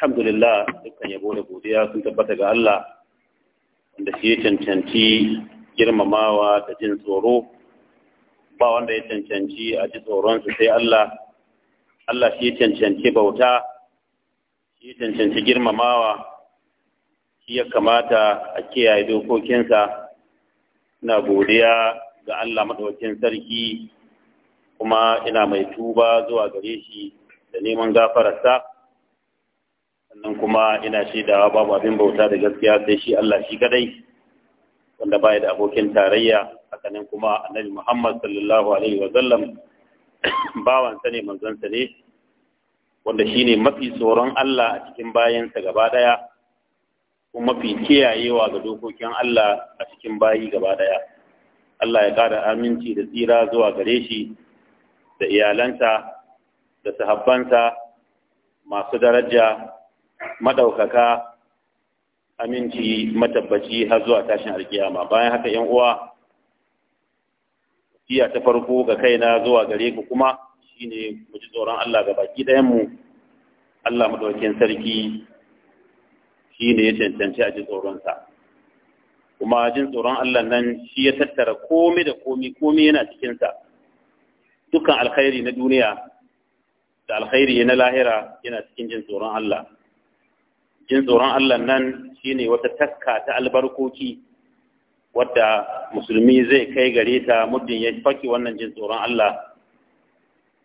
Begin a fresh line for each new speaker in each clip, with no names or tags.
alhamdulillah dukkan yabo da godiya sun tabbata ga Allah wanda shi ya cancanci girmamawa da jin tsoro ba wanda ya cancanci a ji tsoronsa sai Allah Allah shi ya cancanci bauta shi ya cancanci girmamawa shi ya kamata a kiyaye dokokinsa na godiya ga Allah maɗaukin sarki kuma ina mai tuba zuwa gare shi da neman gafararsa sannan kuma ina shaidawa babu abin bauta da gaskiya sai shi Allah shi kadai wanda baya da abokin tarayya hakanan kuma annabi Muhammad sallallahu alaihi wa sallam bawan sa ne manzon sa ne wanda shine mafi tsoron Allah a cikin bayansa gaba daya kuma mafi kiyayewa ga dokokin Allah a cikin bayi gaba daya Allah ya ƙara aminci da tsira zuwa gare shi da iyalansa da sahabbansa masu daraja madaukaka aminci matabbaci har zuwa tashin alkiyama bayan haka yan uwa iya ta farko ga kaina zuwa gare ku kuma shine mu ji tsoron Allah ga baki ɗayan mu Allah madaukakin sarki shine ya cancanci a ji tsoron sa kuma jin tsoron Allah nan shi ya tattara komai da komai komai yana cikin sa dukkan alkhairi na duniya da alkhairi na lahira yana cikin jin tsoron Allah jin tsoron Allah nan shi ne wata taska ta albarkoki wadda musulmi zai kai gare ta muddin ya faki wannan jin tsoron Allah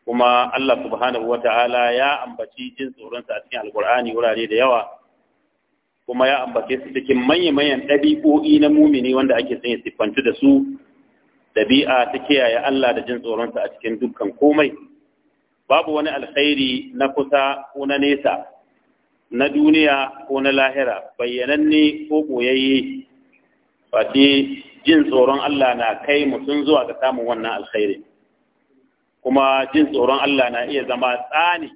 kuma Allah subhanahu ta'ala ya ambaci jin tsoronsa a cikin alkur'ani wurare da yawa kuma ya ambace su cikin manya-manyan ɗabi'o'i na mumini wanda ake son ya da su ɗabi'a ta kiyaye Allah da jin tsoronsa a cikin dukkan komai babu wani alkhairi na kusa ko na nesa na duniya ko na lahira bayyananne ko koyayye face jin tsoron Allah na kai mutum zuwa ga samun wannan alkhairi kuma jin tsoron Allah na iya zama tsani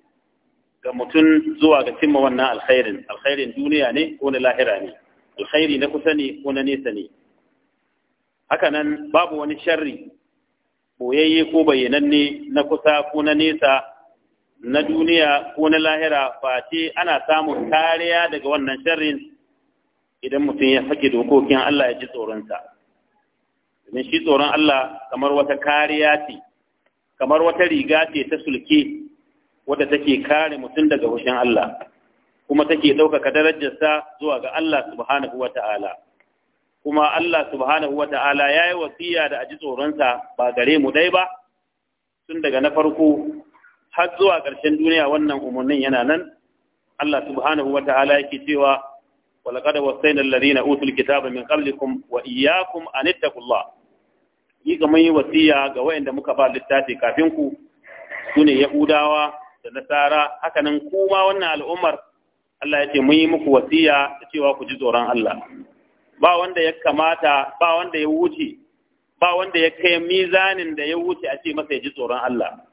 ga mutum zuwa ga cimma wannan alkhairin alkhairin duniya ne ko na lahira ne alkhairi na kusa ne ko na nesa ne hakanan babu wani sharri boyayye ko bayyananne na kusa ko na nesa na duniya ko na lahira face ana samun kariya daga wannan sharrin idan mutum ya sake dokokin Allah ya ji tsoronsa domin shi tsoron Allah kamar wata kariya ce kamar wata riga ce ta sulke wadda take kare mutum daga hushin Allah kuma take ɗaukaka darajarsa zuwa ga Allah subhanahu wa ta'ala kuma Allah subhanahu wa ta'ala ya yi wasiya da aji tsoronsa ba gare mu dai ba tun daga na farko har zuwa ƙarshen duniya wannan umarnin yana nan Allah subhanahu wa ta'ala yake cewa wa laqad wasayna alladhina utul kitaba min qablikum wa iyyakum an ittaqullah yi ga yi wasiya ga wayanda muka ba littafi kafin ku sune yahudawa da nasara hakanan kuma wannan al'ummar Allah ya ce mun yi muku wasiya da cewa ku ji tsoron Allah ba wanda ya kamata ba wanda ya wuce ba wanda ya kai mizanin da ya wuce a ce masa ya ji tsoron Allah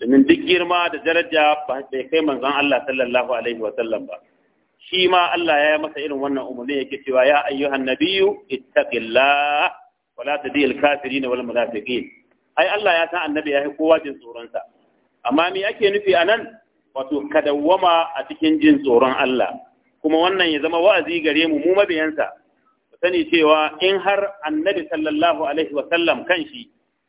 domin duk girma da daraja bai kai manzon Allah sallallahu alaihi wa sallam ba shi ma Allah ya yi masa irin wannan umarni yake cewa ya ayyuhan nabiyyu ittaqillah wa la tadi al kafirin wal munafiqin ai Allah ya san annabi ya yi kowa jin tsoron sa amma me ake nufi anan wato kadawwama a cikin jin tsoron Allah kuma wannan ya zama wa'azi gare mu mu mabiyansa sani cewa in har annabi sallallahu alaihi wa sallam kanshi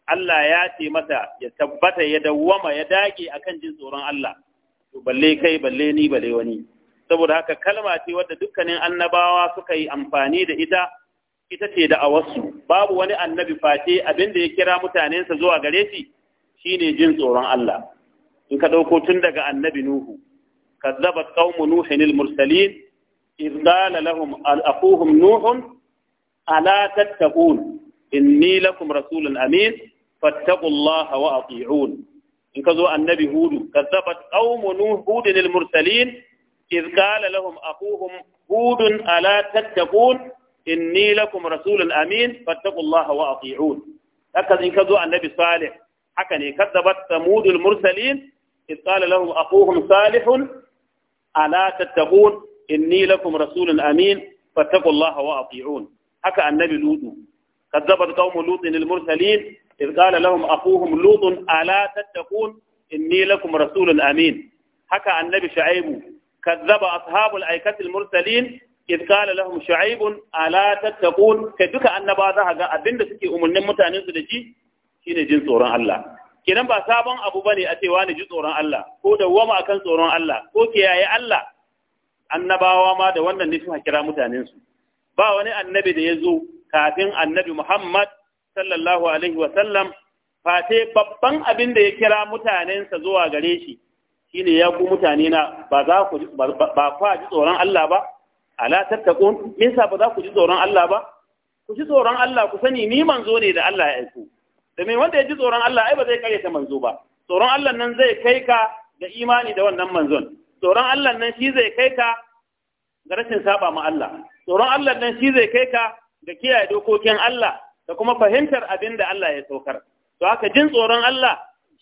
Allah ya ce mata ya tabbata ya dawwama ya dage akan jin tsoron Allah to balle kai balle ni balle wani saboda haka kalma ce wadda dukkanin annabawa suka yi amfani da ita ita ce da awarsu babu wani annabi face abin da ya kira mutanensa zuwa gare shi shine jin tsoron Allah in ka ɗauko tun daga annabi Nuhu kazzabat qaumu nuhin mursalin idh qala lahum al-aquhum nuhum ala tattaqun inni lakum rasulun amin fattaqu allaha wa ati'un in kazo hudu kazzabat qaumu mursalin id qala lahum hudun ala tattaqun inni lakum rasulun amin fattaqu allaha wa in kazo annabi salih haka ne kazzabat samud al mursalin id qala lahum aquhum salih ala tattaqun inni lakum rasulun amin fattaqu allaha wa ati'un haka annabi lutu كذبت قوم لوط المرسلين إذ قال لهم أخوهم لوط ألا تتقون إني لكم رسول أمين حكى النبي شعيب كذب أصحاب الأيكة المرسلين إذ قال لهم شعيب ألا تتقون كدك أن بعضها ga abin da suke umarnin mutanensu da shi shine jin tsoron Allah kenan ba sabon abu bane a cewa ne ji tsoron Allah ko da akan tsoron Allah ko kiyaye Allah annabawa ma da wannan ne suka kira mutanen su ba wani annabi da ya zo kafin annabi Muhammad sallallahu alaihi wa sallam fate babban abin da ya kira mutanensa zuwa gare shi shi ne ya ku mutane na ba za ku ji tsoron Allah ba ala tattaqun me ba za ku ji tsoron Allah ba ku ji tsoron Allah ku sani ni manzo ne da Allah ya aiko domin wanda ya ji tsoron Allah ai ba zai karyata manzo ba tsoron Allah nan zai kai ka ga imani da wannan manzon tsoron Allah nan shi zai kai ka ga rashin saba ma Allah tsoron Allah nan shi zai kai ka da kiyaye dokokin Allah da kuma fahimtar abin da Allah ya saukar to haka jin tsoron Allah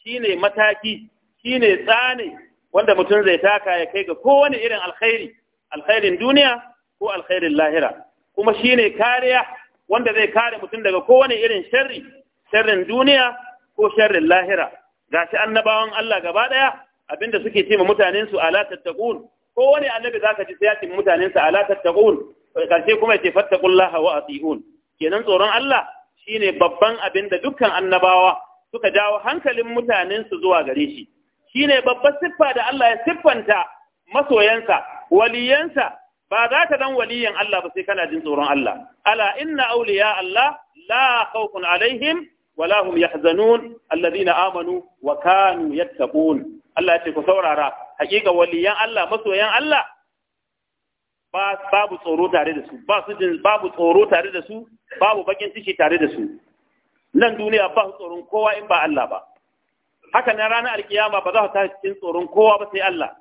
shine mataki shine tsane wanda mutum zai taka ya kai ga kowane irin alkhairi alkhairin duniya ko alkhairin lahira kuma shine kariya wanda zai kare mutum daga kowane irin sharri sharrin duniya ko sharrin lahira gashi annabawan Allah gaba ɗaya, abinda suke ce mutanensu su ala tattaqun ko wani annabi zaka ji sai ya ce mutanen ala tattaqun karshe kuma ya ce fattaqullaha wa atiun kenan tsoron Allah shine babban abin da dukkan annabawa suka jawo hankalin mutanen su zuwa gare shi shine babbar siffa da Allah ya siffanta masoyansa waliyansa ba za ka dan waliyan Allah ba sai kana jin tsoron Allah ala inna awliya Allah la khawfun alaihim wala hum yahzanun alladhina amanu wa kanu yattaqun Allah ya ce ku saurara hakika waliyan Allah masoyan Allah babu tsoro tare da su ba su jin babu tsoro tare da su babu bakin ciki tare da su nan duniya ba su tsoron kowa in ba Allah ba haka nan ranar alkiyama ba za su tashi cikin tsoron kowa ba sai Allah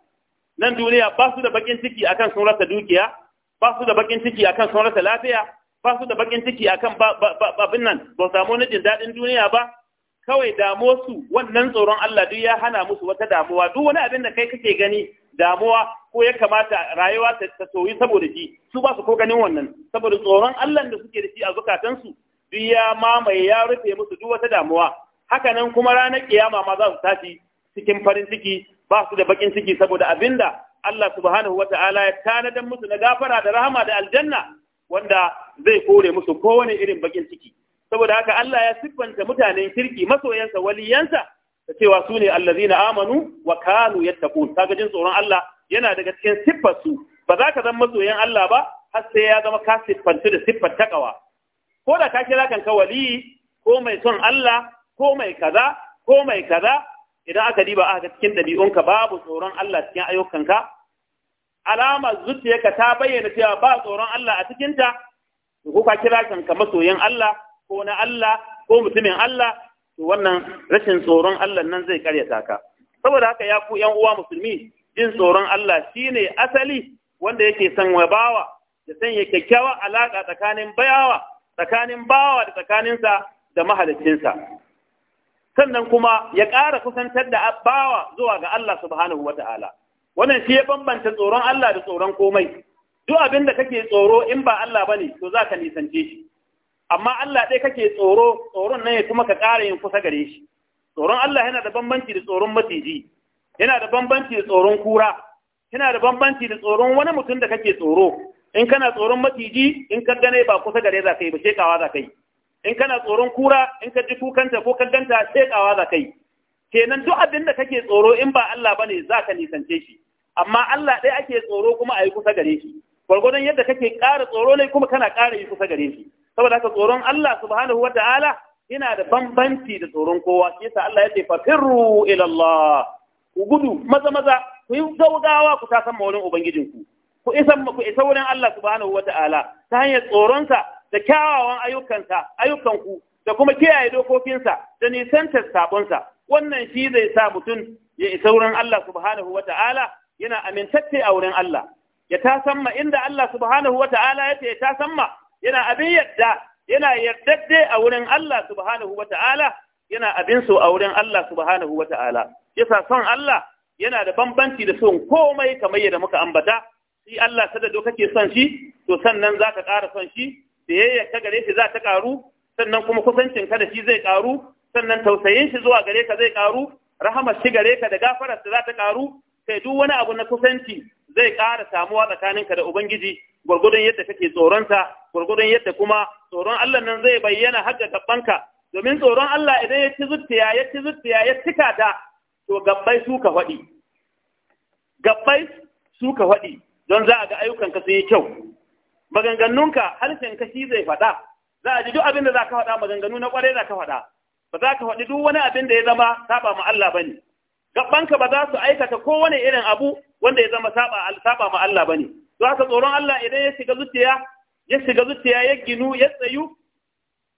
nan duniya ba su da bakin ciki akan sun rasa dukiya ba su da bakin ciki akan sun rasa lafiya ba su da bakin ciki akan babin nan ba samu na jin daɗin duniya ba kawai damo su wannan tsoron Allah duk ya hana musu wata damuwa duk wani abin da kai kake gani damuwa ko ya kamata rayuwa ta soyi saboda shi su ba su ko ganin wannan saboda tsoron Allah da suke da shi a zukatansu duk ya mamaye ya rufe musu duk wata damuwa haka nan kuma ranar kiyama ma za su tashi cikin farin ciki ba su da bakin ciki saboda abinda Allah subhanahu wata'ala ya tanadar musu na gafara da rahama da aljanna wanda zai kore musu kowane irin bakin ciki saboda haka Allah ya siffanta mutanen kirki masoyansa waliyansa da cewa su ne allazina amanu wa kanu yattaqun kaga jin tsoron Allah yana daga cikin siffarsu su ba za ka zama masoyin Allah ba har sai ya zama ka siffantu da siffar takawa ko da ka kira kanka wali ko mai son Allah ko mai kaza ko mai kaza idan aka diba aka cikin dabi'unka babu tsoron Allah cikin ayyukanka alamar zuciyarka ta bayyana cewa ba tsoron Allah a cikinta ko ka kira kanka masoyin Allah ko na Allah ko mutumin Allah to wannan rashin tsoron Allah nan zai karyata ka saboda haka ya ku yan uwa musulmi jin tsoron Allah shine asali wanda yake san bawa da sanya kyakkyawa alaka tsakanin bayawa tsakanin bawa da tsakaninsa da mahaliccinsa sannan kuma ya ƙara kusantar da bawa zuwa ga Allah subhanahu wata'ala wannan shi ya bambanta tsoron Allah da tsoron komai duk abin da kake tsoro in ba Allah bane to za ka nisance shi amma Allah ɗaya kake tsoro tsoron nan ya kuma ka ƙara yin kusa gare shi tsoron Allah yana da bambanci da tsoron maciji yana da bambanci da tsoron kura yana da bambanci da tsoron wani mutum da kake tsoro in kana tsoron maciji in ka gane ba kusa gare za ka yi ba shekawa za ka yi in kana tsoron kura in ka ji kukanta ko ka ganta shekawa za ka yi kenan duk abin da kake tsoro in ba Allah bane za ka nisance shi amma Allah ɗaya ake tsoro kuma a yi kusa gare shi gwargwadon yadda kake ƙara tsoro ne kuma kana ƙara yi kusa gare shi saboda haka tsoron Allah subhanahu wa ta'ala yana da bambanci da tsoron kowa shi yasa Allah ya ce ila Allah ku gudu maza maza ku yi gaugawa ku ta san wurin ubangijinku ku isa ku isa wurin Allah subhanahu wa ta'ala ta hanyar tsoronsa da kyawawan ayyukansa ku da kuma kiyaye dokokinsa da nisantar sabonsa wannan shi zai sa mutum ya isa wurin Allah subhanahu wa ta'ala yana amintacce a wurin Allah ya ta samma inda Allah subhanahu wa ta'ala ya ce ya ta samma yana abin yadda yana yardadde a wurin Allah subhanahu wa ta'ala yana abin so a wurin Allah subhanahu wa ta'ala yasa son Allah yana da bambanci da son komai kamar yadda muka ambata shi Allah sadado kake son shi to sannan zaka ƙara son shi yayya ta gare shi za ta ƙaru sannan kuma kusancin ka da shi zai ƙaru sannan tausayin shi zuwa gare ka zai ƙaru rahamar shi gare ka da gafarar za ta ƙaru sai duk wani abu na kusanci zai ƙara samuwa tsakaninka da ubangiji gwargwadon yadda kake tsoronta, gwargwadon yadda kuma tsoron Allah nan zai bayyana har ga gabanka domin tsoron Allah idan ya ci zuciya ya ci zuciya ya cika ta to gabbai su ka faɗi gabbai su ka faɗi don za a ga ayyukan ka yi kyau maganganunka harshen ka shi zai faɗa za a ji duk abin da za ka faɗa maganganu na ƙwarai za ka faɗa ba za ka faɗi duk wani abin da ya zama saba ma Allah bane gabanka ba za su aikata kowane irin abu wanda ya zama saba ma Allah bane za ka tsoron Allah idan ya shiga zuciya ya shiga zuciya ya ginu ya tsayu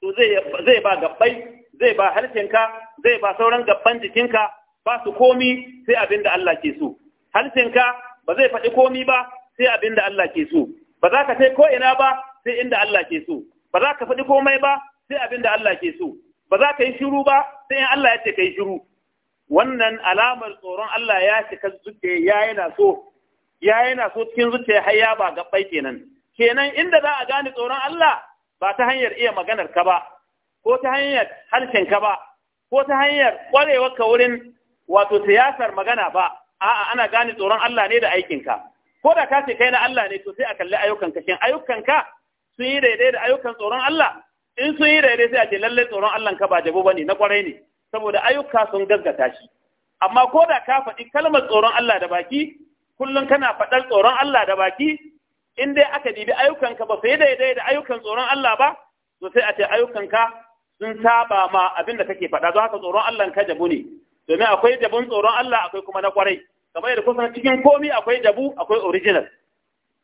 to zai ba gabbai zai ba harshenka zai ba sauran gabban jikinka ba su komi sai abin da Allah ke so harshenka ba zai faɗi komi ba sai abin da Allah ke so ba za ka sai ko ina ba sai inda Allah ke so ba za ka faɗi komai ba sai abin da Allah ke so ba za ka yi shiru ba sai in Allah ya ce ka yi shiru wannan alamar tsoron Allah ya shiga zuciya ya yana so ya yana so cikin zuciya ya haya ba gabbai kenan kenan inda za a gane tsoron Allah ba ta hanyar iya maganar ka ba ko ta hanyar harshen ka ba ko ta hanyar kwarewar ka wurin wato siyasar magana ba a'a ana gane tsoron Allah ne da aikin ka ko da ka ce kai na Allah ne to sai a kalli ayyukan ka shin ayyukan ka sun yi daidai da ayyukan tsoron Allah in sun yi daidai sai a ce lallai tsoron Allah ka ba jabo bane na kwarai ne saboda ayyuka sun gaggata shi amma ko da ka faɗi kalmar tsoron Allah da baki kullum kana faɗar tsoron Allah da baki in dai aka dibi ayyukanka ba sai daidai da ayyukan tsoron Allah ba to sai a ce ayyukanka sun saba ma abin da kake faɗa don haka tsoron Allah ka jabu ne domin akwai jabun tsoron Allah akwai kuma na kwarai kamar yadda kusan cikin komi akwai jabu akwai original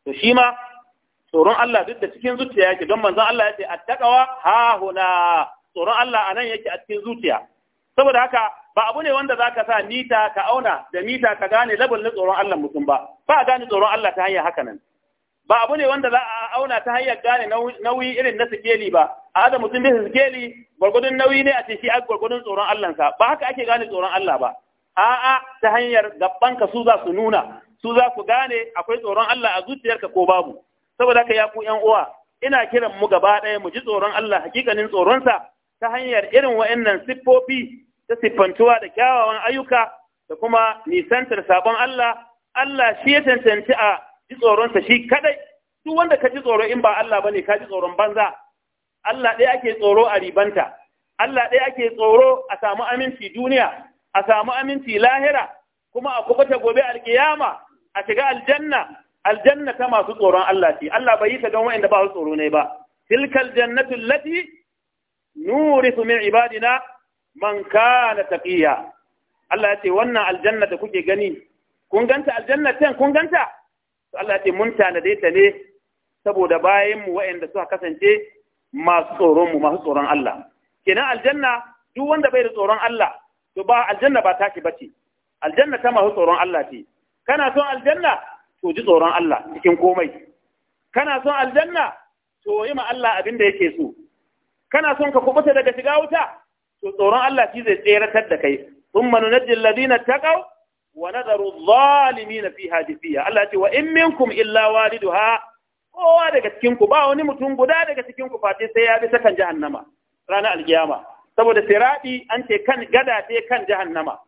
to shi ma tsoron Allah duk da cikin zuciya yake don manzon Allah ya ce attaqwa ha huna tsoron Allah anan yake a cikin zuciya saboda haka ba abu ne wanda zaka sa mita ka auna da mita ka gane labin na tsoron Allah mutum ba ba gane tsoron Allah ta hanyar haka nan ba abu ne wanda za a auna ta hanyar gane nauyi irin na sikeli ba a da mutum bisa sikeli gwargwadon nauyi ne a ce shi gwargwadon tsoron Allah sa ba haka ake gane tsoron Allah ba a'a ta hanyar gaban ka su za su nuna su za ku gane akwai tsoron Allah a zuciyarka ko babu saboda haka ya ku yan uwa ina kiran mu gaba ɗaya mu ji tsoron Allah hakikanin tsoronsa ta hanyar irin wa'annan siffofi ta siffantuwa da kyawawan ayyuka da kuma nisantar sabon Allah Allah shi ya tantance a ji tsoronsa shi kadai duk wanda ka ji tsoro in ba Allah ne, ka ji tsoron banza Allah ɗaya ake tsoro a ribanta Allah ɗaya ake tsoro a samu aminci duniya a samu aminci lahira kuma a kubuta gobe al-kiyama a shiga aljanna aljanna ta masu tsoron Allah ce Allah bai yi ta don wa'anda ba su tsoro ne ba tilkal jannatu allati nurithu min ibadina man kana taqiya Allah ya ce wannan aljanna da kuke gani kun ganta aljannatin kun ganta to Allah ya ce mun tanade ta ne saboda bayan mu waɗanda suka kasance masu tsoron mu masu tsoron Allah kenan aljanna duk wanda bai da tsoron Allah to ba aljanna ba taki bace aljanna ta masu tsoron Allah ce kana son aljanna to ji tsoron Allah cikin komai kana son aljanna to yi ma Allah abin da yake so kana son ka kubuta daga shiga wuta to tsoron Allah shi zai tseratar da kai thumma nunajji ta taqaw wa nadaru adh-dhalimin fiha jafiya Allah ce wa in minkum illa ha kowa daga cikin ba wani mutum guda daga cikin Fati sai ya bi sakan jahannama ranar alkiyama saboda siraɗi an ce kan gada ce kan jahannama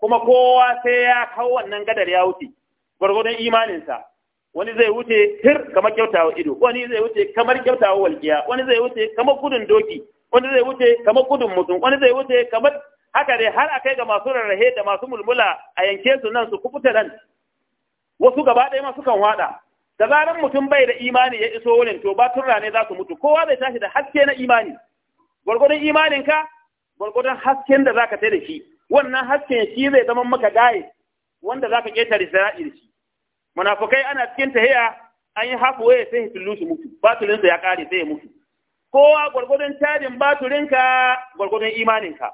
kuma kowa sai ya kawo wannan gadar ya wuce gwargwadon imaninsa wani zai wuce hir kamar kyautawa ido wani zai wuce kamar kyautawa walƙiya wani zai wuce kamar gudun doki wani zai wuce kamar gudun mutum wani zai wuce kamar haka dai har a kai ga masu rarrahe da masu mulmula a yanke su nan su kuɓuta nan wasu gaba ɗaya masu kan waɗa da zaran mutum bai da imani ya iso wurin to ba turra ne za su mutu kowa zai tashi da haske na imani gwargwadon ka gwargwadon hasken da zaka tai da shi wannan hasken shi zai zama maka gaye wanda zaka ƙetare sira'i da shi munafukai ana cikin tahiya an yi hafuwa sai su lusu mutu batulinsa ya kare sai ya mutu kowa gwargwadon cajin baturinka gwargwadon imaninka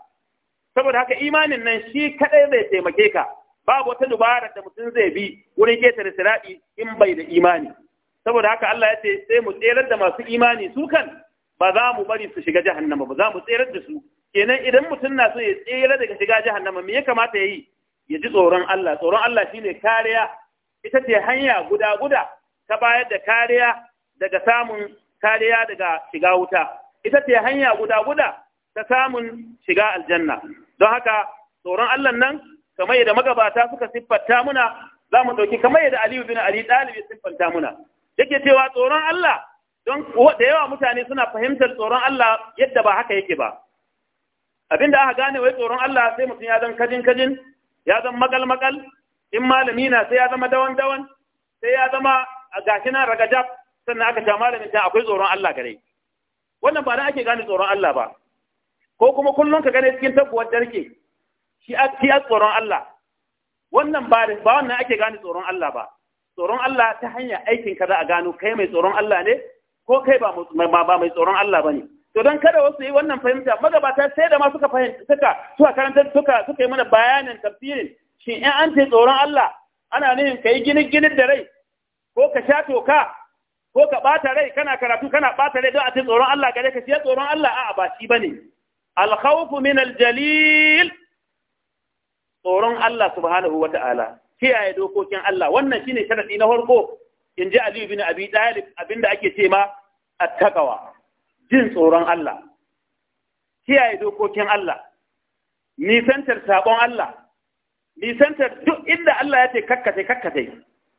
saboda haka imanin nan shi kadai zai taimake ka babu wata dubara da mutum zai bi wurin ketare sirabi in bai da imani saboda haka Allah ya ce sai mu tserar da masu imani su kan ba za mu bari su shiga jahannama ba za mu tserar da su kenan idan mutum na so ya tsere daga shiga jahannama me ya kamata ya yi ya ji tsoron Allah tsoron Allah shi ne kariya ita ce hanya guda guda ta bayar da kariya daga samun kariya daga shiga wuta ita ce hanya guda guda ta samun shiga aljanna don haka tsoron Allah nan kamar yadda magabata suka siffanta muna za mu ɗauki kamar yadda Aliyu bin Ali ɗalibi ya siffanta muna yake cewa tsoron Allah don da yawa mutane suna fahimtar tsoron Allah yadda ba haka yake ba abinda aka gane wai tsoron Allah sai mutum ya zan kajin kajin ya zan makal makal in malami na sai ya zama dawan dawan sai ya zama a gashi na ragajab sannan aka ta malamin ta akwai tsoron Allah gare wannan ba na ake gane tsoron Allah ba ko kuma kullum ka gane cikin tabbuwar darke shi a tsoron Allah wannan ba ba wannan ake gane tsoron Allah ba tsoron Allah ta hanya aikin ka za a gano kai mai tsoron Allah ne ko kai ba ba mai tsoron Allah bane to dan kada wasu yi wannan fahimta magabata sai da ma suka fahimta suka suka karanta suka suka yi mana bayanin tafsirin shin in an ce tsoron Allah ana nufin kai ginin ginin da rai ko ka sha toka ko ka ɓata rai kana karatu kana ɓata rai don a ci tsoron Allah gare ka sai tsoron Allah a'a ba shi bane alkhawfu min aljalil tsoron Allah subhanahu wa ta'ala. kiyaye dokokin Allah wannan shine sharadi na farko in ji Ali ibn Abi Talib abinda ake ce ma attaqwa jin tsoron Allah kiyaye dokokin Allah nisantar sabon Allah nisantar duk inda Allah ya ce kakkace kakkace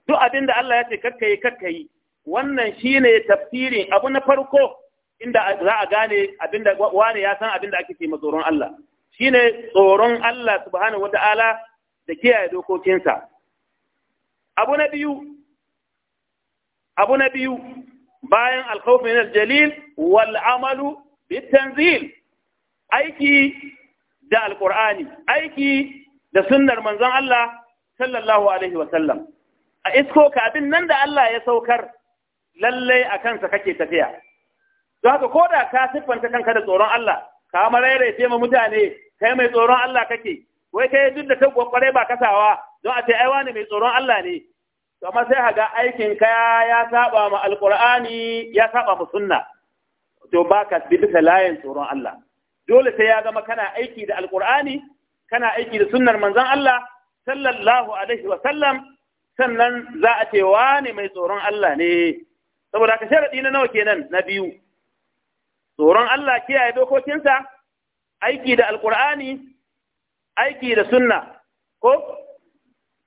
duk abinda Allah ya ce kakkaye kakkaye wannan shine tafsirin abu na farko inda za a gane abinda wane ya san abinda ake ce tsoron Allah shine tsoron Allah subhanahu wata'ala da kiyaye dokokinsa abu na biyu abu na biyu bayan alkhawf jalil wal amalu bitanzil aiki da alqur'ani aiki da sunnar manzon Allah sallallahu alaihi wa sallam a isko ka abin nan da Allah ya saukar lallai a kansa kake tafiya don haka ko da ka siffanta kanka da tsoron Allah ka maraice ma mutane kai mai tsoron Allah kake wai kai duk da tagwa kwarai ba kasawa don a ce ai wani mai tsoron Allah ne to amma sai haga aikin ka ya saba ma alkur'ani ya saba ma sunna to ba bi bisa layin tsoron Allah dole sai ya zama kana aiki da alkur'ani kana aiki da sunnar manzon Allah sallallahu alaihi wa sallam sannan za a ce ne mai tsoron Allah ne saboda ka sharaɗi na nawa kenan na biyu tsoron Allah kiyaye dokokinsa aiki da alkur'ani aiki da sunna ko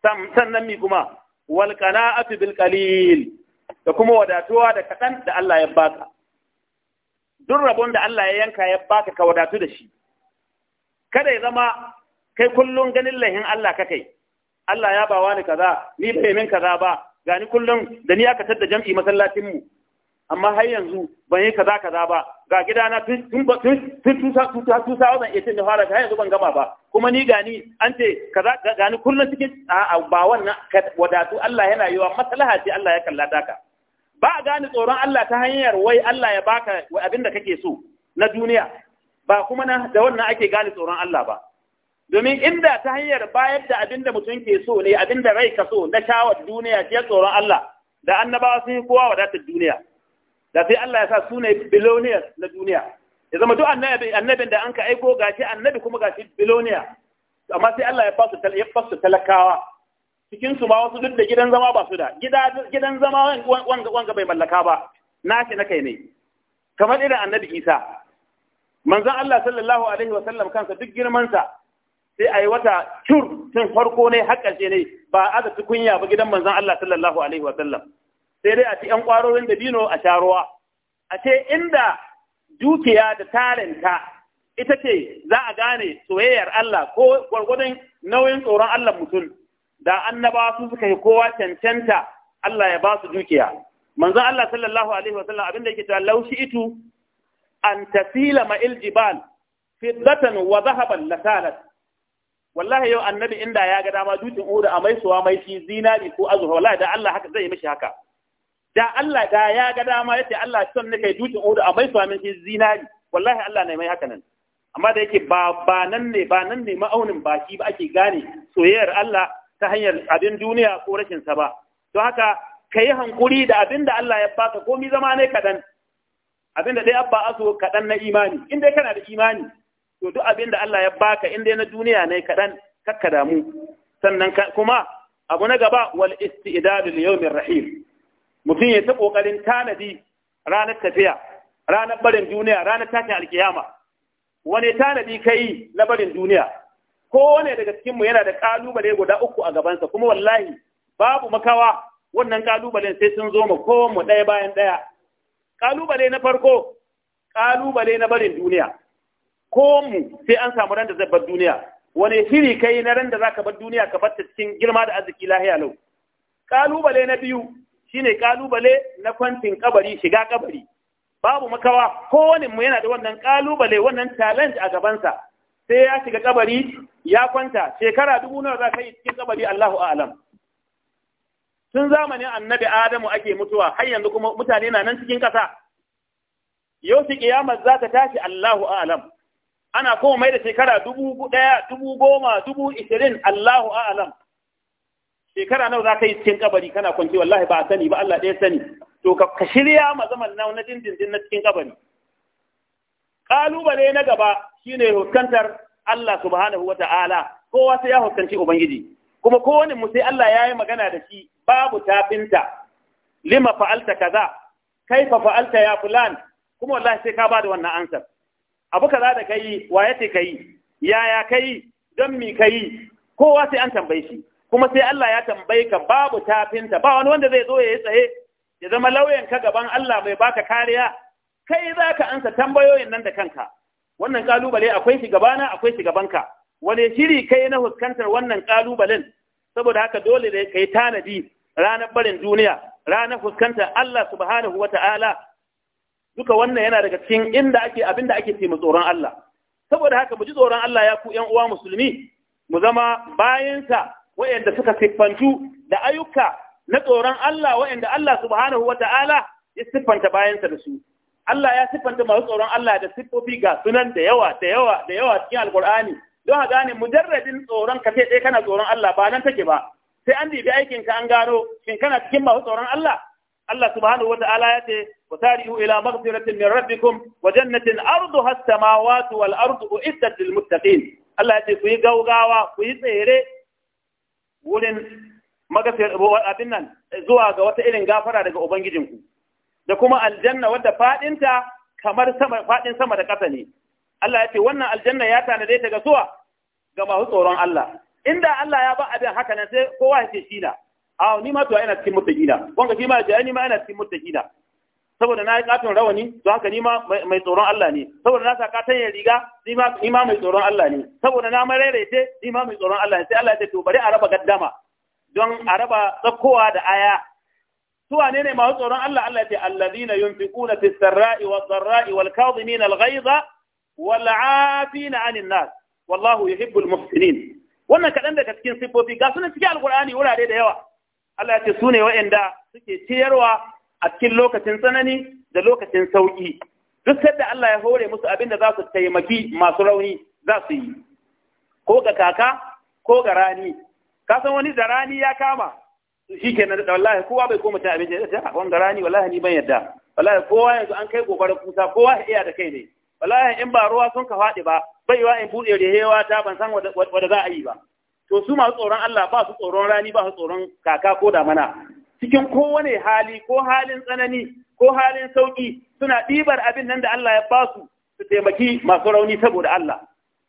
sannan mi kuma wal qana'atu bil qalil da kuma wadatuwa da kaɗan da Allah ya baka duk rabon da Allah ya yanka ya baka ka wadatu da shi kada ya zama kai kullum ganin lahin Allah kakai Allah ya bawa ni kaza ni bai min kaza ba gani kullum da ni aka tadda jam'i masallacin mu amma har yanzu ban yi kaza kaza ba ga gidana tun tun tun da fara ta yanzu ban gama ba kuma ni gani an ce kaza gani kullum cikin a'a ba wannan wadatu Allah yana yiwa maslaha ce Allah ya kallata ka ba a gane tsoron Allah ta hanyar wai Allah ya baka abin da kake so na duniya ba kuma na da wannan ake gane tsoron Allah ba domin inda ta hanyar bayar da abin da mutum ke so ne abin da rai ka so na shawar duniya ke tsoron Allah da annabawa sun yi kowa wadatar duniya da sai Allah ya sa su ne biloniyar na duniya ya zama duk annabi annabin da an ka aiko gashi annabi kuma gashi biloniya, amma sai Allah ya fasu talakawa cikin su ba wasu duk da gidan zama ba su da gidan zama wanga wanga bai mallaka ba shi na kai ne kamar irin annabi Isa manzon Allah sallallahu alaihi wa sallam kansa duk girmansa. sai a yi wata cur tun farko ne har ƙarshe ne ba a da tukunya ba gidan manzon Allah sallallahu alaihi wa sallam sai dai a ci ƴan ƙwarorin da bino a sharuwa. a ce inda dukiya da tarinta ita ce za a gane soyayyar Allah ko gwargwadon nauyin tsoron Allah mutum da annabawa su suka yi kowa cancanta Allah ya ba su dukiya manzon Allah sallallahu alaihi wa sallam abinda yake ta laushi itu an tasila ma'il jibal fiddatan wa zahaban lasalat wallahi yau annabi inda ya ga dama dutsen uhudu a mai suwa mai shi zinari ko azurfa wallahi da Allah haka zai yi mishi haka da Allah da ya ga dama yace Allah son ne kai dutsen udu a mai suwa mai shi zinari wallahi Allah ne mai haka nan amma da yake ba ba nan ne ba nan ne ma'aunin baki ba ake gane soyayyar Allah ta hanyar abin duniya ko rashin sa ba to haka kai hankuri da abin da Allah ya baka komi zama ne kadan abin da dai abba aso kadan na imani in dai kana da imani to duk abin da Allah ya baka in dai na duniya ne kaɗan kakka damu sannan kuma abu na gaba wal isti'dad li yawmir rahim mutum ya ta kokarin tanadi ranar tafiya ranar barin duniya ranar tashin alkiyama wani tanadi kai na barin duniya Ko wane daga cikin mu yana da kalubale guda uku a gabansa kuma wallahi babu makawa wannan kalubalen sai sun zo mu kowanne ɗaya bayan ɗaya kalubale na farko kalubale na barin duniya ko mu sai an samu ran da zai bar duniya wani shiri kai na ran da zaka bar duniya ka batta cikin girma da arziki lahiya lau kalubale na biyu shine kalubale na kwantin kabari shiga kabari babu makawa kowane mu yana da wannan kalubale wannan challenge a gabansa sai ya shiga kabari ya kwanta shekara dubu nawa za ka yi cikin kabari Allahu a'lam tun zamanin annabi Adamu ake mutuwa har yanzu kuma mutane na nan cikin kasa yau shi kiyamar za ta tashi Allahu a'lam ana kuma mai da shekara dubu ɗaya dubu goma dubu ishirin Allahu a'alam shekara nawa za ka yi cikin kabari kana kwanci wallahi ba a sani ba Allah ɗaya sani to ka shirya ma zaman na dindindin na cikin kabari kalubale na gaba shine huskantar Allah subhanahu wa ta'ala kowa sai ya huskanci ubangiji kuma kowane mu sai Allah ya yi magana da shi babu tafinta lima fa'alta kaza kai fa'alta ya fulan kuma wallahi sai ka ba da wannan ansar abu kaza da kai wa ya ce kai yaya kai don mi kai kowa sai an tambaye shi kuma sai Allah ya tambaye ka babu tafinta ba wani wanda zai zo ya yi tsaye ya zama lauyan ka gaban Allah mai baka kariya kai za ka ansa tambayoyin nan da kanka wannan kalubale akwai shi gabana akwai shi gabanka wane shiri kai na fuskantar wannan kalubalen saboda haka dole da kai tanadi ranar barin duniya ranar fuskantar Allah subhanahu wata'ala duka wannan yana daga cikin inda ake abin da ake ce mu tsoron Allah saboda haka mu ji tsoron Allah ya ku ƴan uwa musulmi mu zama bayansa wayanda suka sifantu da ayyuka na tsoron Allah wayanda Allah subhanahu wata'ala ya siffanta bayansa da su Allah ya siffanta masu tsoron Allah da siffofi ga sunan da yawa da yawa da yawa cikin alkur'ani don haka ne mujarradin tsoron ka sai kana tsoron Allah ba nan take ba sai an dibi aikin ka an gano shin kana cikin masu tsoron Allah Allah subhanahu wata'ala ya ce وسارعوا إلى مغفرة من ربكم وجنة أرضها السماوات والأرض أعدت للمتقين الله يقول في غوغاوا في تيري ولن مغفر abin nan zuwa ga wata irin gafara daga ubangijinku da kuma aljanna wadda fadinta kamar sama fadin sama da ƙasa ne Allah ya ce wannan aljanna ya tanade ta ga zuwa ga masu tsoron Allah inda Allah ya ba abin haka nan sai kowa ya ce shi na a ni ma to ina cikin mutakina wanda shi ma ya ce ni ma ina cikin mutakina saboda na yi katon rawani to haka ni ma mai tsoron Allah ne saboda na sa katon riga ni ma mai tsoron Allah ne saboda na mararece ni ma mai tsoron Allah ne sai Allah ya ce to bari a raba gaddama don a raba tsakkowa da aya su wane ne masu tsoron Allah Allah ya ce alladhina yunfiquna fis sarra'i wa dharra'i wal kadhimina al ghaiza wal 'afina 'anil nas wallahu yuhibbul muhsinin wannan kadan daga cikin sifofi ga sunan cikin alqur'ani wurare da yawa Allah ya ce su ne waɗanda suke ciyarwa a cikin lokacin tsanani da lokacin sauƙi duk sadda Allah ya hore musu abin da za su taimaki masu rauni za su yi ko ga kaka ko ga rani ka san wani da rani ya kama shi kenan da wallahi kowa bai koma ta abinci da ta ah, wanga rani wallahi ni ban yadda wallahi kowa yanzu an kai gobarar kusa kowa ya iya da kai ne wallahi in ba ruwa sun ka faɗi ba bai wa in buɗe rehewa ta ban san wanda za a yi ba to su masu tsoron Allah ba su tsoron rani ba su tsoron kaka ko da mana. cikin kowane hali ko halin tsanani ko halin sauki suna ɗibar abin nan da Allah ya ba su su taimaki masu rauni saboda Allah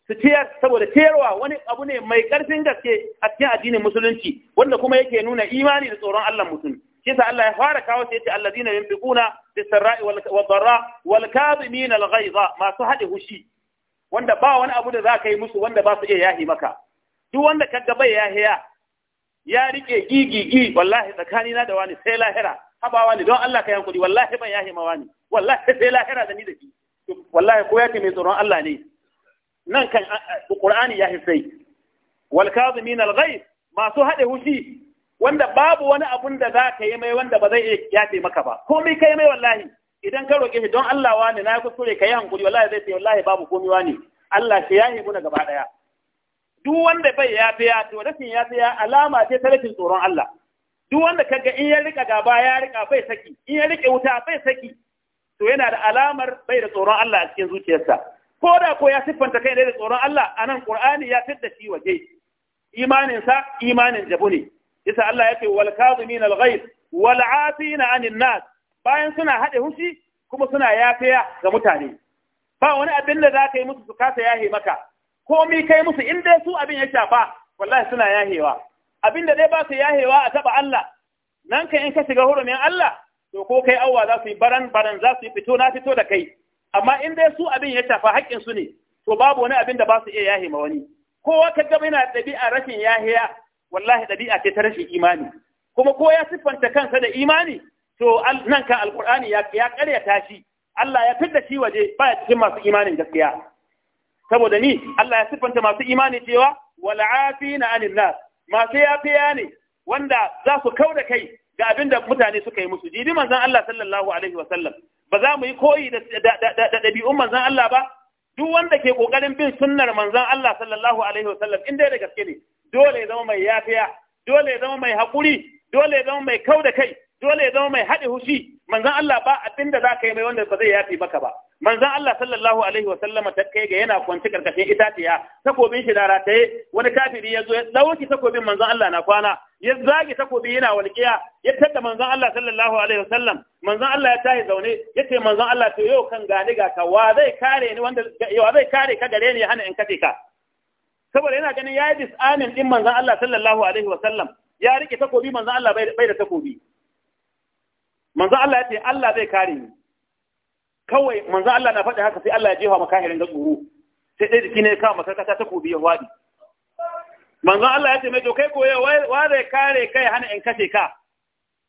su ciyar saboda ciyarwa wani abu ne mai ƙarfin gaske a cikin addinin musulunci wanda kuma yake nuna imani da tsoron Allah mutum shi yasa Allah ya fara kawo sai yace allazina yunfiquna bis-sarra'i wad-dharra wal-kadhimin al-ghayza masu hade hushi wanda ba wani abu da zaka yi musu wanda ba su iya yahi maka duk wanda ga bai yahiya ya rike gigigi wallahi tsakanina da wani sai lahira haba wani don Allah ka yankuri wallahi ban yahi ma wani wallahi sai lahira da ni da ki wallahi ko yake mai tsoron Allah ne nan kan Qur'ani ya hisai wal kazimin al ghaiz masu hade hushi wanda babu wani abun da za ka yi mai wanda ba zai iya yafe maka ba komai kai mai wallahi idan ka roke shi don Allah wani na kusure ka yi hankuri wallahi zai ce wallahi babu komai wani Allah shi yahi buna gaba daya duk wanda bai yafiya to rashin yafiya alama ce ta rashin tsoron Allah duk wanda kaga in ya rika gaba ya rika bai saki in ya rike wuta bai saki to yana da alamar bai da tsoron Allah a cikin zuciyarsa ko da ko ya siffanta kai da tsoron Allah anan Qur'ani ya fidda shi waje imanin sa imanin jabu ne yasa Allah yake wal kazimin al ghaiz wal afina anin nas bayan suna hade hushi kuma suna yafiya ga mutane ba wani abin da za ka yi musu su kasa yahe maka komi kai musu in dai su abin ya shafa wallahi suna yahewa abin da dai ba su yahewa a taba Allah nan ka in ka shiga hurumin Allah to ko kai awwa za su yi baran baran za su yi fito na fito da kai amma in dai su abin ya shafa haƙƙin su ne to babu wani abin da ba su iya yahe ma wani kowa ka ga yana ɗabi'a rashin yahiya wallahi ɗabi'a ce ta rashin imani kuma ko ya siffanta kansa da imani to nan kan alqur'ani ya ya ƙaryata shi Allah ya fidda shi waje ba cikin masu imanin gaskiya saboda ni Allah ya siffanta masu imani cewa wal'afi anin nas masu yafiya ne wanda za su kau da kai ga abin da mutane suka yi musu jibi manzon Allah sallallahu alaihi wasallam ba za mu yi koyi da ɗabi'un manzon Allah ba duk wanda ke kokarin bin sunnar manzon Allah sallallahu alaihi wasallam in dai da gaske ne dole ya zama mai yafiya dole ya zama mai haƙuri dole ya zama mai kau da kai dole ya zama mai haɗe hushi manzon Allah ba abin da za ka yi mai wanda ba zai yafi maka ba Manzan Allah sallallahu alaihi wa sallama ta kai ga yana kwanci karkashin itaciya takobin shi da rataye wani kafiri ya zo ya dauki takobin manzan Allah na kwana ya zagi takobi yana walƙiya ya tada manzan Allah sallallahu alaihi wa sallam Manzan Allah ya tayi zaune ya ce manzan Allah to yau kan gani ga ka wa zai kare ni wanda wa zai kare ka gare ni ya hana in kace ka saboda yana ganin yayi disanin din manzan Allah sallallahu alaihi wa sallam ya rike takobi manzan Allah bai da takobi Manzan Allah ya ce Allah zai kare ni kawai manzo Allah na faɗi haka sai Allah ya jefa makahirin ga tsoro sai dai jiki ne ya kama karkata ta kobi ya wadi manzo Allah ya ce mai to kai ya ware kare kai hana in kace ka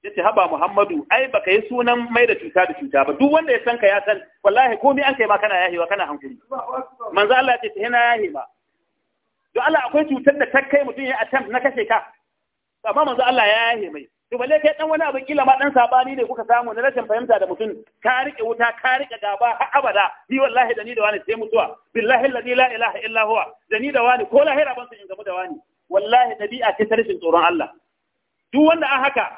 yace haba Muhammadu ai baka yi sunan mai da cuta da cuta ba duk wanda ya san ka ya san wallahi komai an kai ma kana yahewa kana hankuri manzo Allah ya ce hina yahi ba don Allah akwai cutar da ta kai mutum ya attempt na kashe ka amma manzo Allah ya yahi mai to balle kai dan wani abu kila ma dan sabani ne kuka samu na rashin fahimta da mutum ka rike wuta ka rike gaba har abada ni wallahi da ni da wani sai mutuwa billahi alladhi la ilaha illa huwa da ni da wani ko lahira ban san in gamu da wani wallahi dabi'a ta rashin tsoron Allah duk wanda an haka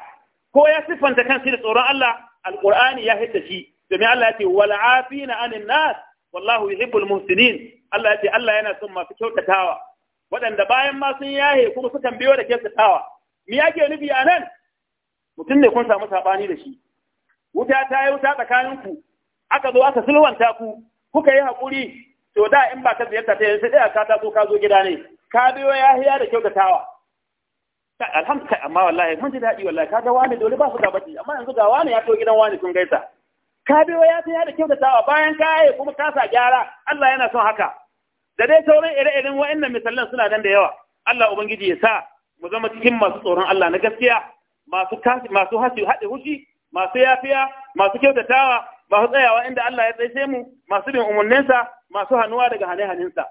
ko ya siffanta kansa da tsoron Allah alqur'ani ya hidda shi domin Allah ya ce wal afina anin nas wallahu yuhibbul muhsinin Allah ya ce Allah yana son masu kyautatawa waɗanda bayan ma sun yahe kuma sukan biyo da kyautatawa me yake nufi a nan mutum ne kun samu saɓani da shi wuta ta yi wuta tsakaninku aka zo aka sulwanta ku kuka yi haƙuri to da in ba ka ziyarta ta yanzu sai ka taso ka zo gida ne ka biyo ya hiya da kyautatawa alhamdulillah amma wallahi mun ji daɗi wallahi kaga wani dole ba su gabaci amma yanzu ga wani ya to gidan wani sun gaisa ka biyo ya hiya da kyautatawa bayan ka yi kuma ka sa gyara Allah yana son haka da dai sauran ire-iren wa'annan misalan suna nan da yawa Allah ubangiji ya sa mu zama cikin masu tsoron Allah na gaskiya masu kashi masu hashi haɗe hushi masu yafiya masu kyautatawa masu tsayawa inda Allah ya tsaye mu masu bin umarninsa masu hannuwa daga hane haninsa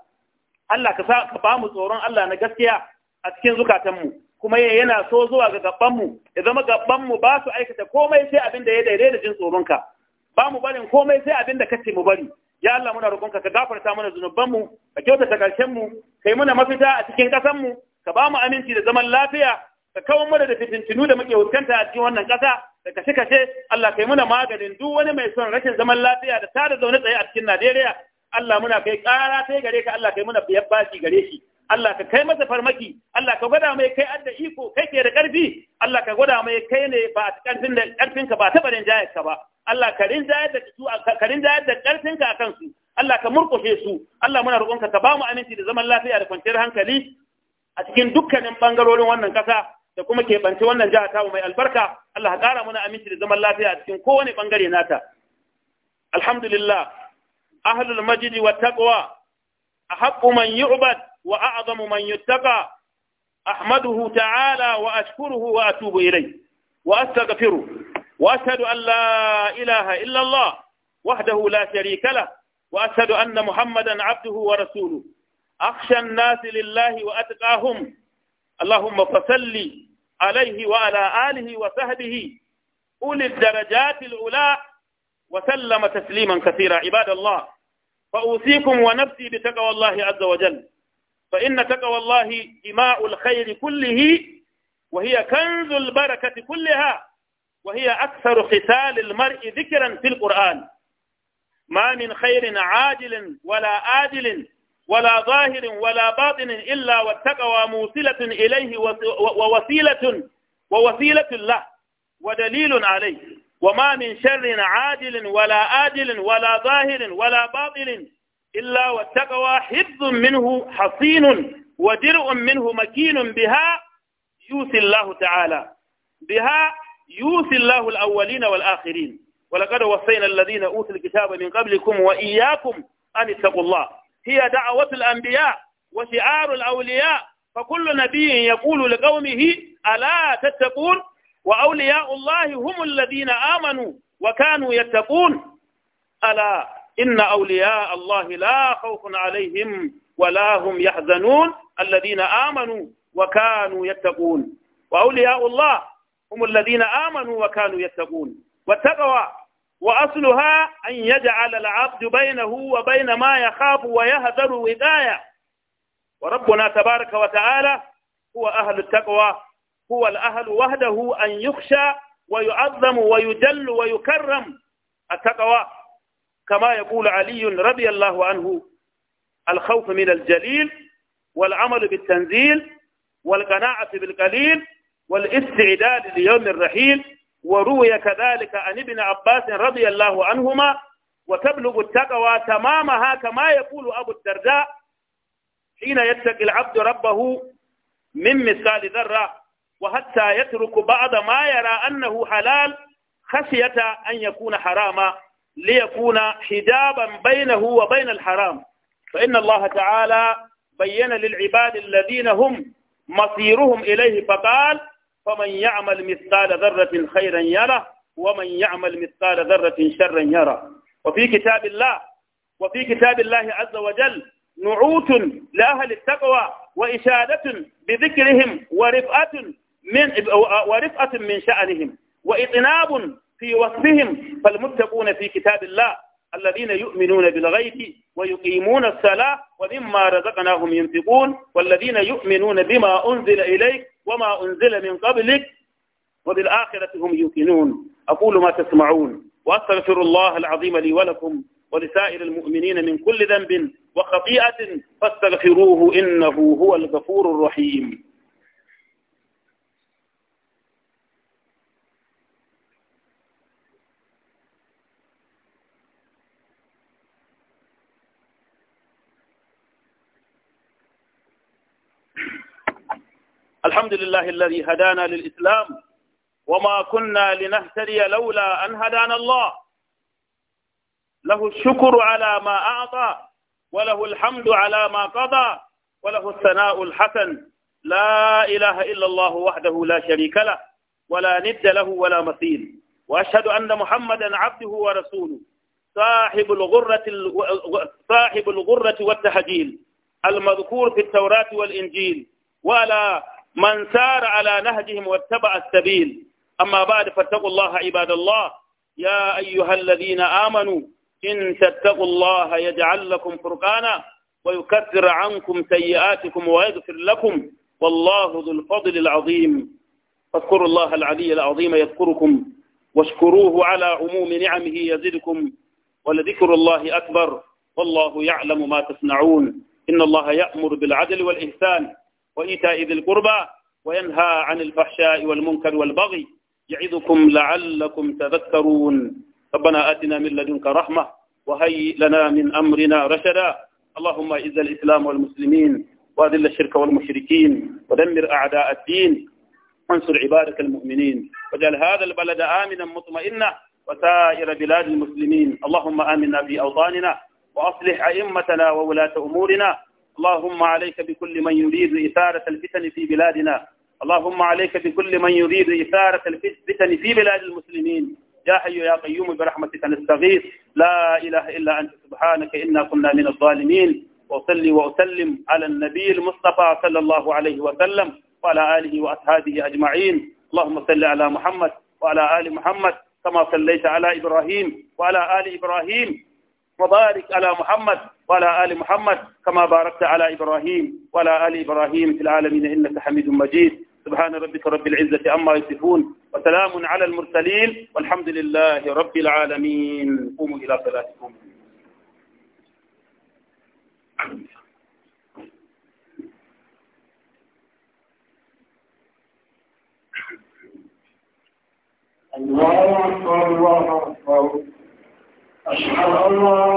Allah ka ka ba mu tsoron Allah na gaskiya a cikin zukatanmu kuma ya yana so zuwa ga mu ya zama gabanmu ba su aikata komai sai abinda ya daidai da jin tsoronka ba mu barin komai sai abinda da kace mu bari ya Allah muna roƙonka ka gafarta mana mu ka kyautata karshen mu kai muna mafita a cikin mu ka ba mu aminci da zaman lafiya ka kawo mana da fitintinu da muke fuskanta a cikin wannan ƙasa da kashe kashe Allah kai muna maganin duk wani mai son rashin zaman lafiya da da zaune tsaye a cikin Najeriya Allah muna kai ƙara sai gare ka Allah kai muna biyar baki gare shi Allah ka kai masa farmaki, Allah ka gwada mai kai adda iko, kai ke da ƙarfi, Allah ka gwada mai kai ne ba a ƙarfin da ƙarfinka ba taɓa rinjayar ka ba. Allah ka rinjayar da su ka rinjayar da ƙarfinka a kansu, Allah ka murƙushe su, Allah muna roƙonka ka ba mu aminci da zaman lafiya da kwanciyar hankali a cikin dukkanin ɓangarorin wannan ƙasa. da kuma keɓance wannan jiha ta mai albarka Allah ƙara muna aminci da zaman lafiya cikin kowane ɓangare nata alhamdulillah ahlul majidi wa taqwa ahaqqu man yu'bad wa a'zamu man yuttaqa ahmaduhu ta'ala wa ashkuruhu wa atubu ilayhi wa astaghfiruh واشهد ان لا اله الا الله وحده لا شريك له واشهد ان محمدا عبده ورسوله اخشى الناس لله واتقاهم اللهم فصل عليه وعلى آله وصحبه أولي الدرجات العلاء وسلم تسليما كثيرا عباد الله فأوصيكم ونفسي بتقوى الله عز وجل فإن تقوى الله إماء الخير كله وهي كنز البركة كلها وهي أكثر خسال المرء ذكرا في القرآن ما من خير عاجل ولا آجل ولا ظاهر ولا باطن إلا والتقوى موصلة إليه ووسيلة ووسيلة له ودليل عليه وما من شر عاجل ولا آجل ولا ظاهر ولا باطن إلا والتقوى حفظ منه حصين ودرء منه مكين بها يوصي الله تعالى بها يوصي الله الأولين والآخرين ولقد وصينا الذين أوتوا الكتاب من قبلكم وإياكم أن اتقوا الله هي دعوة الأنبياء وشعار الأولياء فكل نبي يقول لقومه ألا تتقون وأولياء الله هم الذين آمنوا وكانوا يتقون ألا إن أولياء الله لا خوف عليهم ولا هم يحزنون الذين آمنوا وكانوا يتقون وأولياء الله هم الذين آمنوا وكانوا يتقون واتقوا وأصلها أن يجعل العبد بينه وبين ما يخاف ويهذر وداية وربنا تبارك وتعالى هو أهل التقوى هو الأهل وحده أن يخشى ويعظم ويجل ويكرم التقوى كما يقول علي رضي الله عنه الخوف من الجليل والعمل بالتنزيل والقناعة بالقليل والاستعداد ليوم الرحيل وروي كذلك عن ابن عباس رضي الله عنهما وتبلغ التقوى تمامها كما يقول أبو الدرداء حين يتقي العبد ربه من مثال ذرة وحتى يترك بعض ما يرى أنه حلال خشية أن يكون حراما ليكون حجابا بينه وبين الحرام فإن الله تعالى بين للعباد الذين هم مصيرهم إليه فقال فمن يعمل مثقال ذرة خيرا يره ومن يعمل مثقال ذرة شرا يره وفي كتاب الله وفي كتاب الله عز وجل نعوت لأهل التقوى وإشادة بذكرهم ورفعة من ورفعة من شأنهم وإطناب في وصفهم فالمتقون في كتاب الله الذين يؤمنون بالغيب ويقيمون الصلاة ومما رزقناهم ينفقون والذين يؤمنون بما أنزل إليك وما أنزل من قبلك وبالآخرة هم يوقنون أقول ما تسمعون وأستغفر الله العظيم لي ولكم ولسائر المؤمنين من كل ذنب وخطيئة فاستغفروه إنه هو الغفور الرحيم الحمد لله الذي هدانا للإسلام وما كنا لنهتدي لولا أن هدانا الله له الشكر على ما أعطى وله الحمد على ما قضى وله الثناء الحسن لا إله إلا الله وحده لا شريك له ولا ند له ولا مثيل وأشهد أن محمدا عبده ورسوله صاحب الغرة صاحب الغرة والتحجيل المذكور في التوراة والإنجيل ولا من سار على نهجهم واتبع السبيل أما بعد فاتقوا الله عباد الله يا أيها الذين آمنوا إن تتقوا الله يجعل لكم فرقانا ويكثر عنكم سيئاتكم ويغفر لكم والله ذو الفضل العظيم فاذكروا الله العلي العظيم يذكركم واشكروه على عموم نعمه يزدكم ولذكر الله أكبر والله يعلم ما تصنعون إن الله يأمر بالعدل والإحسان وإيتاء ذي القربى وينهى عن الفحشاء والمنكر والبغي يعظكم لعلكم تذكرون ربنا آتنا من لدنك رحمة وهيئ لنا من أمرنا رشدا اللهم إز الإسلام والمسلمين وأذل الشرك والمشركين ودمر أعداء الدين وانصر عبادك المؤمنين واجعل هذا البلد آمنا مطمئنا وسائر بلاد المسلمين اللهم آمنا في أوطاننا وأصلح أئمتنا وولاة أمورنا اللهم عليك بكل من يريد إثارة الفتن في بلادنا اللهم عليك بكل من يريد إثارة الفتن في بلاد المسلمين يا حي يا قيوم برحمتك نستغيث لا إله إلا أنت سبحانك إنا كنا من الظالمين وصلي وأسلم على النبي المصطفى صلى الله عليه وسلم وعلى آله وأصحابه أجمعين اللهم صل على محمد وعلى آل محمد كما صليت على إبراهيم وعلى آل إبراهيم وبارك على محمد وعلى آل محمد كما باركت على إبراهيم وعلى آل إبراهيم في العالمين إنك حميد مجيد سبحان ربك رب العزة عما يصفون وسلام على المرسلين والحمد لله رب العالمين قوموا إلى صلاتكم
الله أكبر الله أكبر أشهد أن لا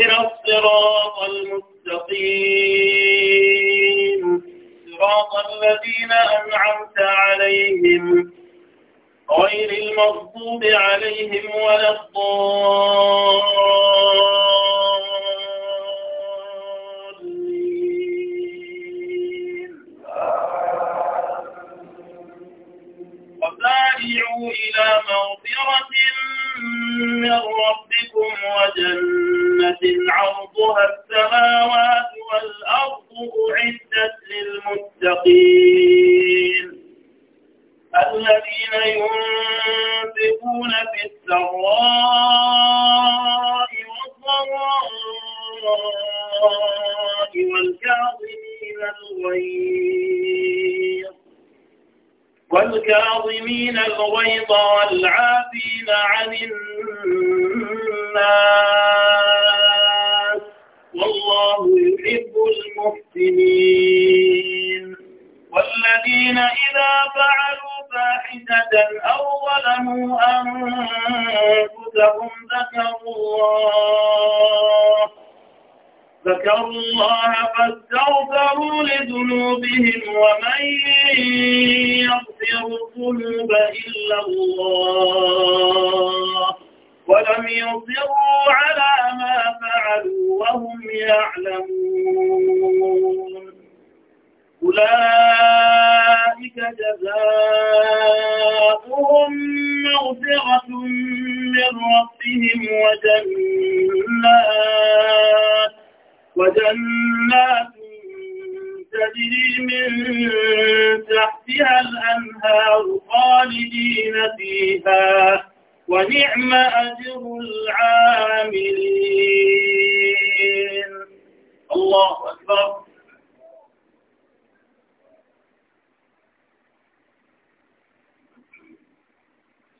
اهدنا الصراط المستقيم صراط الذين أنعمت عليهم غير المغضوب عليهم ولا الضالين وسارعوا إلى مغفرة من ربكم وجنة عرضها السماوات والأرض أعدت للمتقين الذين ينفقون في السراء والضراء والكاظمين الغيظ والكاظمين الغيظ والعافين عن الناس والله يحب المحسنين والذين إذا فعلوا فاحشة أو ظلموا أنفسهم ذكروا الله ذكروا الله فاستغفروا لذنوبهم ومن يغفر الذنوب إلا الله ولم يصروا على ما فعلوا وهم يعلمون أولئك جزاؤهم مغفرة من ربهم وجنات وجنات تجري من تحتها الأنهار خالدين فيها ونعم أجر العاملين الله أكبر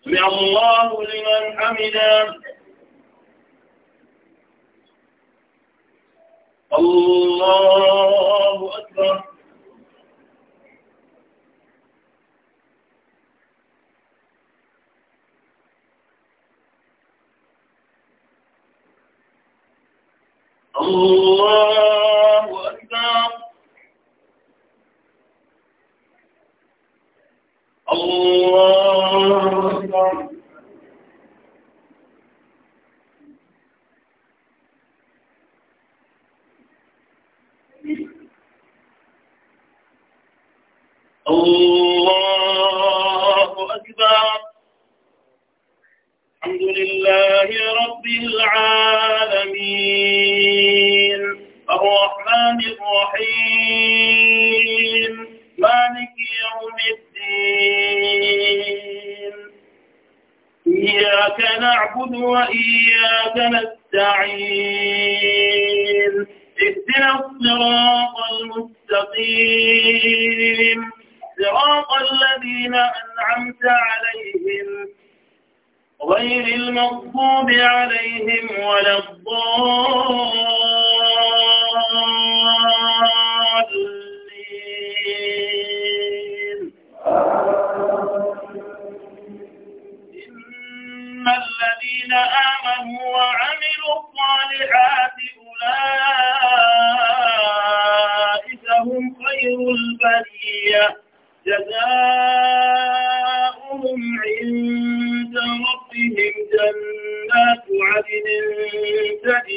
سمع الله لمن حمده الله أكبر الله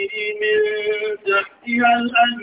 تجري من تحتها الأنهار